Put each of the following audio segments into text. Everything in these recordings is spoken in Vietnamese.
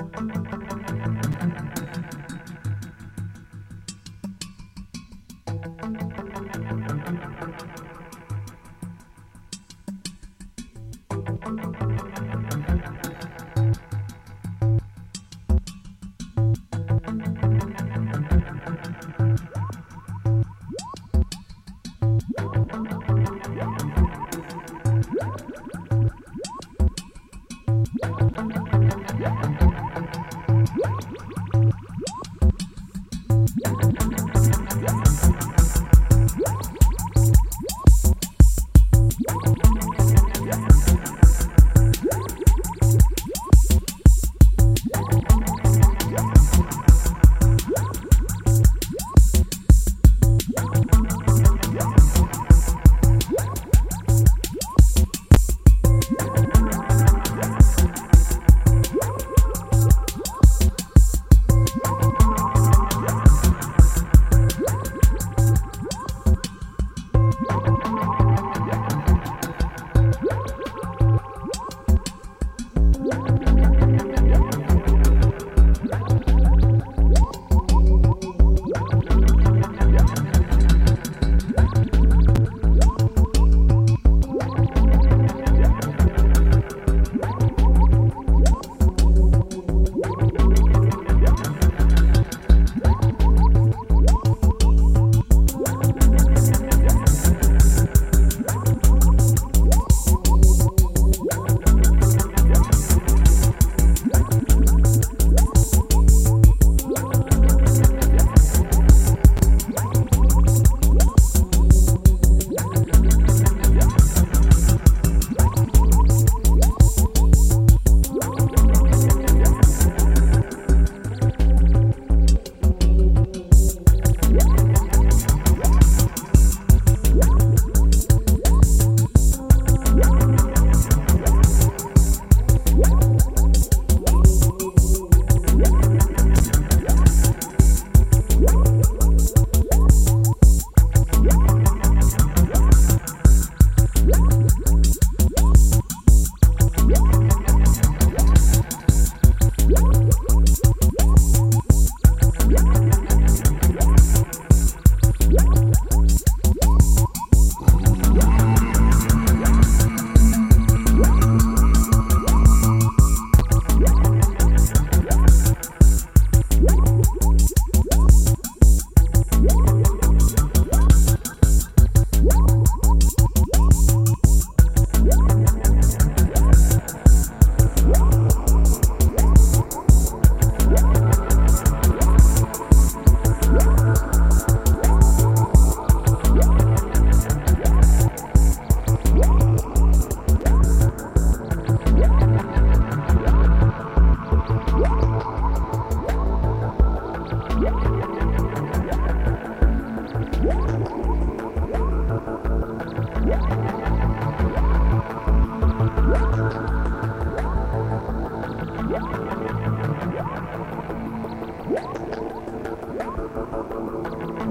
¡Tengo que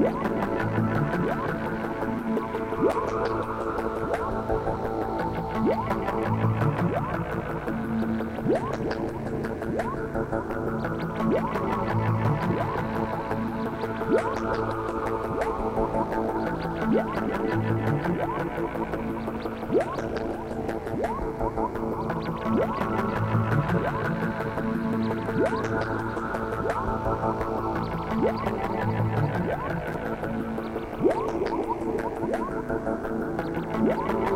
Yeah. Yeah.